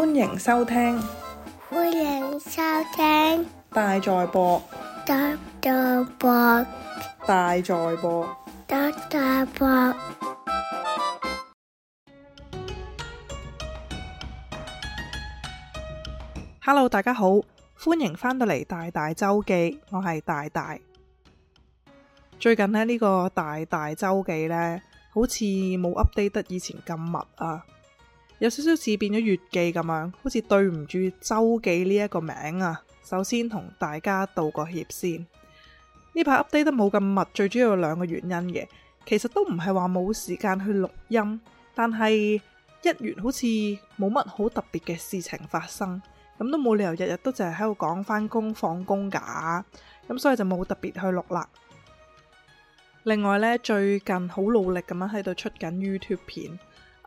歡迎收聽，歡迎收聽，大在播，大在播，Hello，大家好，歡迎返到嚟大大周記，我係大大。最近咧呢個大大周記呢，好似冇 update 得以前咁密啊。有少少似變咗《月記》咁樣，好似對唔住《周記》呢一個名啊！首先同大家道個歉先。呢排 update 得冇咁密，最主要有兩個原因嘅，其實都唔係話冇時間去錄音，但係一月好似冇乜好特別嘅事情發生，咁都冇理由日日都淨係喺度講翻工放工噶，咁所以就冇特別去錄啦。另外呢，最近好努力咁樣喺度出緊 YouTube 片。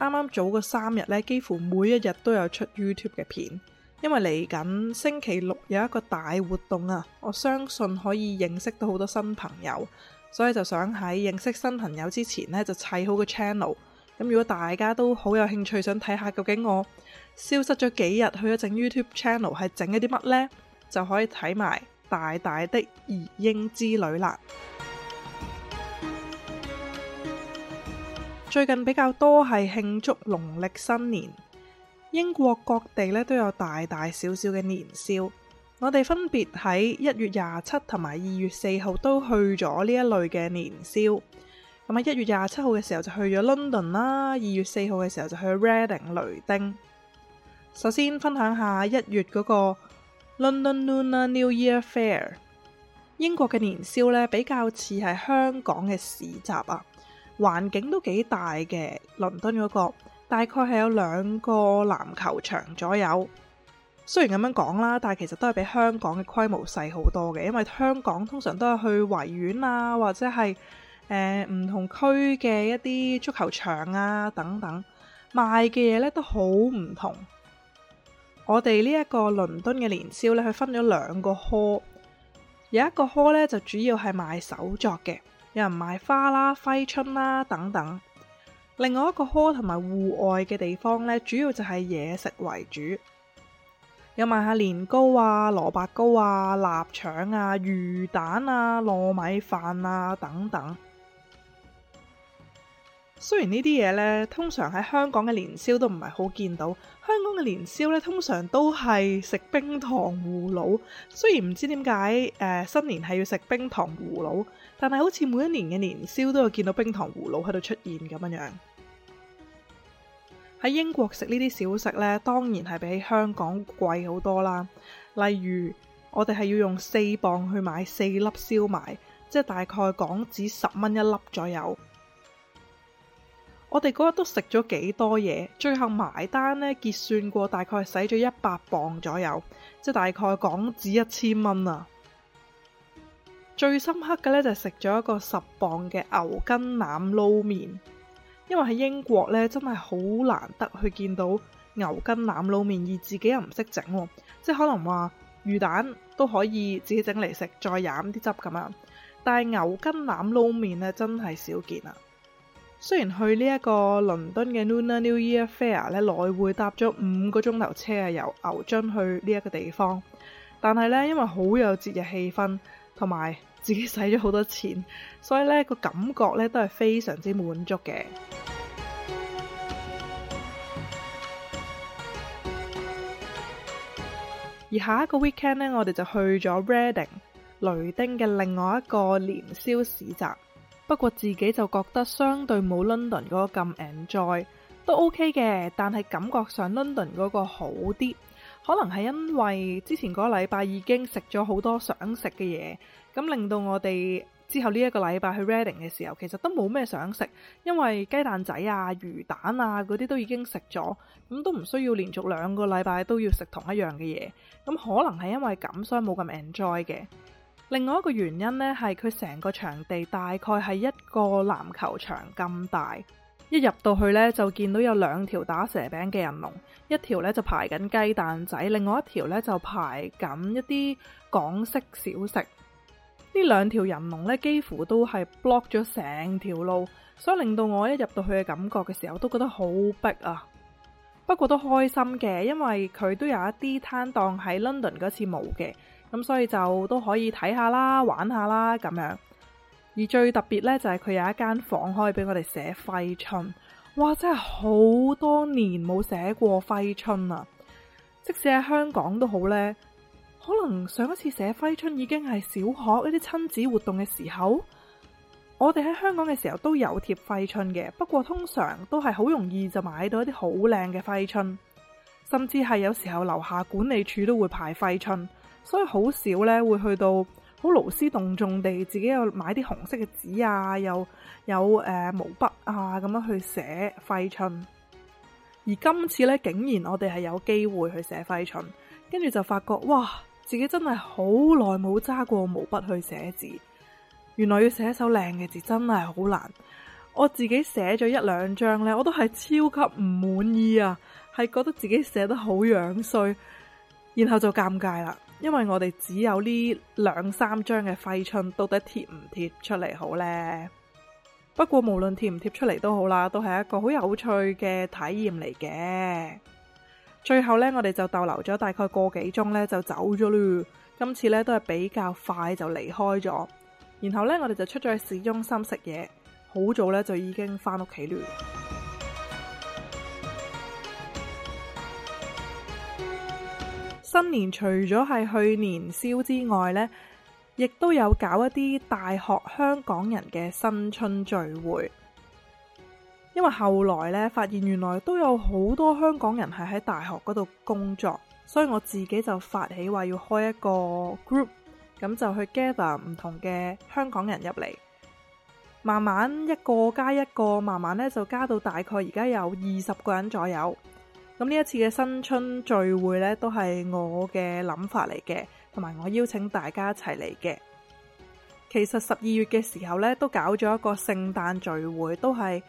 啱啱早嗰三日咧，幾乎每一日都有出 YouTube 嘅片，因為嚟緊星期六有一個大活動啊，我相信可以認識到好多新朋友，所以就想喺認識新朋友之前咧，就砌好個 channel。咁如果大家都好有興趣想睇下究竟我消失咗幾日去咗整 YouTube channel 係整一啲乜呢？就可以睇埋「大大的移英之旅」啦。最近比較多係慶祝農曆新年，英國各地咧都有大大小小嘅年宵。我哋分別喺一月廿七同埋二月四號都去咗呢一類嘅年宵。咁啊，一月廿七號嘅時候就去咗 London 啦，二月四號嘅時候就去 Reading 雷丁。首先分享下一月嗰個 London Lunar New Year Fair。英國嘅年宵咧，比較似係香港嘅市集啊。環境都幾大嘅，倫敦嗰個大概係有兩個籃球場左右。雖然咁樣講啦，但係其實都係比香港嘅規模細好多嘅，因為香港通常都係去維園啊，或者係誒唔同區嘅一啲足球場啊等等。賣嘅嘢咧都好唔同。我哋呢一個倫敦嘅年宵咧，佢分咗兩個科，有一個科咧就主要係賣手作嘅。有人賣花啦、揮春啦等等。另外一個墟同埋戶外嘅地方呢，主要就係嘢食為主，有賣下年糕啊、蘿蔔糕啊、臘腸啊、魚蛋啊、糯米飯啊等等。雖然呢啲嘢呢，通常喺香港嘅年宵都唔係好見到。香港嘅年宵呢，通常都係食冰糖葫蘆。雖然唔知點解，誒、呃、新年係要食冰糖葫蘆，但係好似每一年嘅年宵都有見到冰糖葫蘆喺度出現咁樣。喺英國食呢啲小食呢，當然係比香港貴好多啦。例如，我哋係要用四磅去買四粒燒賣，即係大概港紙十蚊一粒左右。我哋嗰日都食咗幾多嘢，最後埋單呢，結算過，大概使咗一百磅左右，即係大概港紙一千蚊啊！最深刻嘅呢，就食咗一個十磅嘅牛筋腩撈麵，因為喺英國呢，真係好難得去見到牛筋腩撈麵，而自己又唔識整，即係可能話魚蛋都可以自己整嚟食，再飲啲汁噉樣，但係牛筋腩撈麵呢，真係少見啊！雖然去呢一個倫敦嘅 Lunar New Year Fair 咧，來回搭咗五個鐘頭車啊，由牛津去呢一個地方，但係咧，因為好有節日氣氛，同埋自己使咗好多錢，所以咧個感覺咧都係非常之滿足嘅。 而下一個 weekend 呢，我哋就去咗 Reading 雷丁嘅另外一個年宵市集。不過自己就覺得相對冇 London 嗰個咁 enjoy，都 OK 嘅，但係感覺上 London 嗰個好啲，可能係因為之前嗰個禮拜已經食咗好多想食嘅嘢，咁令到我哋之後呢一個禮拜去 Reading 嘅時候，其實都冇咩想食，因為雞蛋仔啊、魚蛋啊嗰啲都已經食咗，咁都唔需要連續兩個禮拜都要食同一樣嘅嘢，咁可能係因為咁，所以冇咁 enjoy 嘅。另外一個原因呢，係佢成個場地大概係一個籃球場咁大，一入到去呢，就見到有兩條打蛇餅嘅人龍，一條呢就排緊雞蛋仔，另外一條呢就排緊一啲港式小食。呢兩條人龍呢，幾乎都係 block 咗成條路，所以令到我一入到去嘅感覺嘅時候，都覺得好逼啊。不過都開心嘅，因為佢都有一啲攤檔喺 London 嗰次冇嘅。咁所以就都可以睇下啦，玩下啦咁樣。而最特別呢，就係佢有一間房可以俾我哋寫揮春。哇！真係好多年冇寫過揮春啦。即使喺香港都好呢，可能上一次寫揮春已經係小學一啲親子活動嘅時候。我哋喺香港嘅時候都有貼揮春嘅，不過通常都係好容易就買到一啲好靚嘅揮春，甚至係有時候樓下管理處都會派揮春。所以好少咧，會去到好勞師動眾地，自己又買啲紅色嘅紙啊，又有誒、呃、毛筆啊，咁樣去寫揮春。而今次呢，竟然我哋係有機會去寫揮春，跟住就發覺，哇！自己真係好耐冇揸過毛筆去寫字，原來要寫一手靚嘅字真係好難。我自己寫咗一兩張呢，我都係超級唔滿意啊，係覺得自己寫得好樣衰，然後就尷尬啦。因為我哋只有呢兩三張嘅揮春，到底貼唔貼出嚟好呢？不過無論貼唔貼出嚟都好啦，都係一個好有趣嘅體驗嚟嘅。最後呢，我哋就逗留咗大概個幾鐘呢，就走咗啦。今次呢，都係比較快就離開咗。然後呢，我哋就出咗去市中心食嘢，好早呢，就已經翻屋企啦。新年除咗係去年宵之外呢，亦都有搞一啲大學香港人嘅新春聚會。因為後來呢，發現原來都有好多香港人係喺大學嗰度工作，所以我自己就發起話要開一個 group，咁就去 gather 唔同嘅香港人入嚟，慢慢一個加一個，慢慢呢就加到大概而家有二十個人左右。咁呢一次嘅新春聚會呢，都係我嘅諗法嚟嘅，同埋我邀請大家一齊嚟嘅。其實十二月嘅時候呢，都搞咗一個聖誕聚會，都係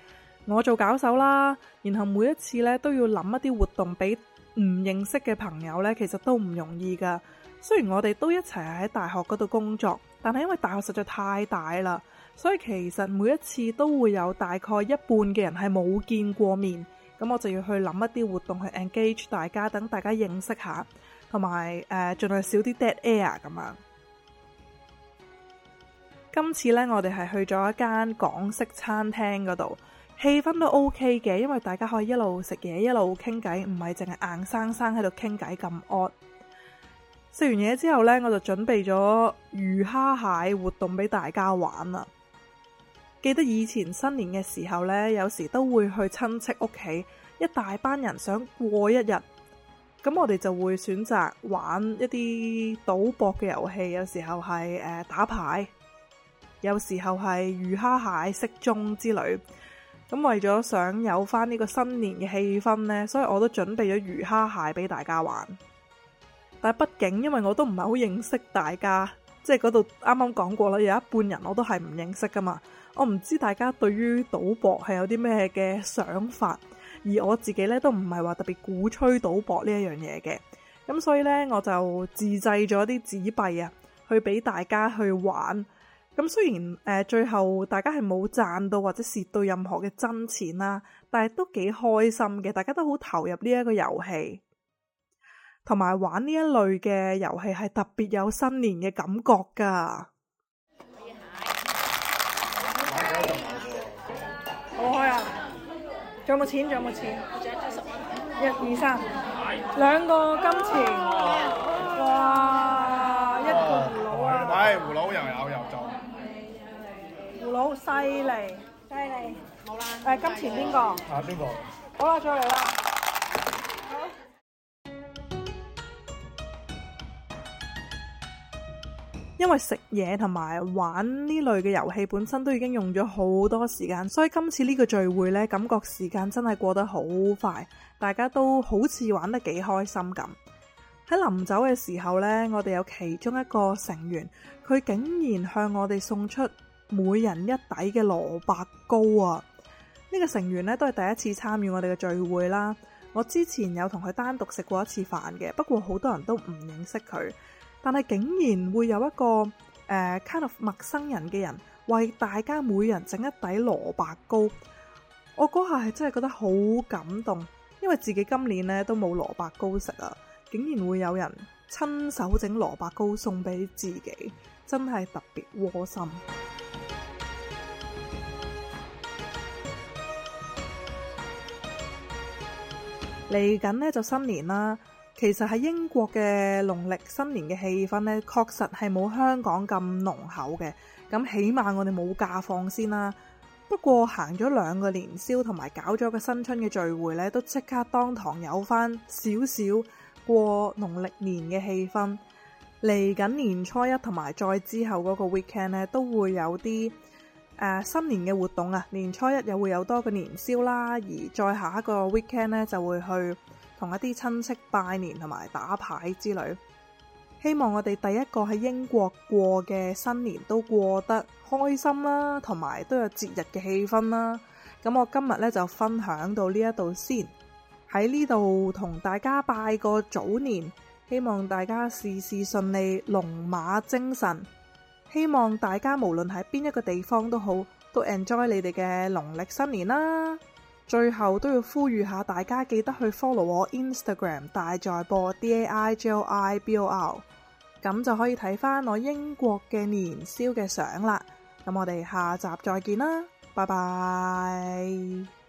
我做搞手啦。然後每一次呢，都要諗一啲活動俾唔認識嘅朋友呢，其實都唔容易㗎。雖然我哋都一齊喺大學嗰度工作，但係因為大學實在太大啦，所以其實每一次都會有大概一半嘅人係冇見過面。咁我就要去諗一啲活動去 engage 大家，等大家認識下，同埋誒盡量少啲 dead air 咁啊！今次呢，我哋係去咗一間港式餐廳嗰度，氣氛都 OK 嘅，因為大家可以一路食嘢一路傾偈，唔係淨係硬生生喺度傾偈咁 out。食完嘢之後呢，我就準備咗魚蝦蟹活動俾大家玩啦。記得以前新年嘅時候呢，有時都會去親戚屋企，一大班人想過一日。咁我哋就會選擇玩一啲賭博嘅遊戲，有時候係誒打牌，有時候係魚蝦蟹骰盅之類。咁為咗想有翻呢個新年嘅氣氛呢，所以我都準備咗魚蝦蟹俾大家玩。但係畢竟因為我都唔係好認識大家。即係嗰度啱啱講過啦，有一半人我都係唔認識㗎嘛，我唔知大家對於賭博係有啲咩嘅想法，而我自己咧都唔係話特別鼓吹賭博呢一樣嘢嘅，咁所以呢，我就自製咗啲紙幣啊，去俾大家去玩。咁雖然誒、呃、最後大家係冇賺到或者蝕到任何嘅真錢啦，但係都幾開心嘅，大家都好投入呢一個遊戲。同埋玩呢一類嘅遊戲係特別有新年嘅感覺噶。好開啊！仲有冇錢？仲有冇錢？一、二、三，兩個金錢，哇！一個葫蘆，喂，葫蘆又有又中，葫蘆犀利，犀利。冇啦。誒，金錢邊個？啊，邊個？好啦，再嚟啦。因為食嘢同埋玩呢類嘅遊戲本身都已經用咗好多時間，所以今次呢個聚會呢，感覺時間真係過得好快，大家都好似玩得幾開心咁。喺臨走嘅時候呢，我哋有其中一個成員，佢竟然向我哋送出每人一底嘅蘿蔔糕啊！呢個成員呢都係第一次參與我哋嘅聚會啦。我之前有同佢單獨食過一次飯嘅，不過好多人都唔認識佢。但係竟然會有一個誒、uh, kind of 陌生人嘅人為大家每人整一底蘿蔔糕，我嗰下係真係覺得好感動，因為自己今年咧都冇蘿蔔糕食啦，竟然會有人親手整蘿蔔糕送俾自己，真係特別窩心。嚟緊咧就新年啦。其實喺英國嘅農曆新年嘅氣氛咧，確實係冇香港咁濃厚嘅。咁起碼我哋冇假放先啦。不過行咗兩個年宵，同埋搞咗個新春嘅聚會呢，都即刻當堂有返少少過農曆年嘅氣氛。嚟緊年初一同埋再之後嗰個 weekend 呢，都會有啲誒、呃、新年嘅活動啊。年初一又會有多個年宵啦，而再下一個 weekend 呢，就會去。同一啲親戚拜年同埋打牌之類，希望我哋第一個喺英國過嘅新年都過得開心啦，同埋都有節日嘅氣氛啦。咁我今日呢，就分享到呢一度先，喺呢度同大家拜個早年，希望大家事事順利，龍馬精神，希望大家無論喺邊一個地方都好，都 enjoy 你哋嘅農曆新年啦。最後都要呼籲下大家，記得去 follow 我 Instagram 大在播 D A I J O I B O R，咁就可以睇翻我英國嘅年宵嘅相啦。咁我哋下集再見啦，拜拜。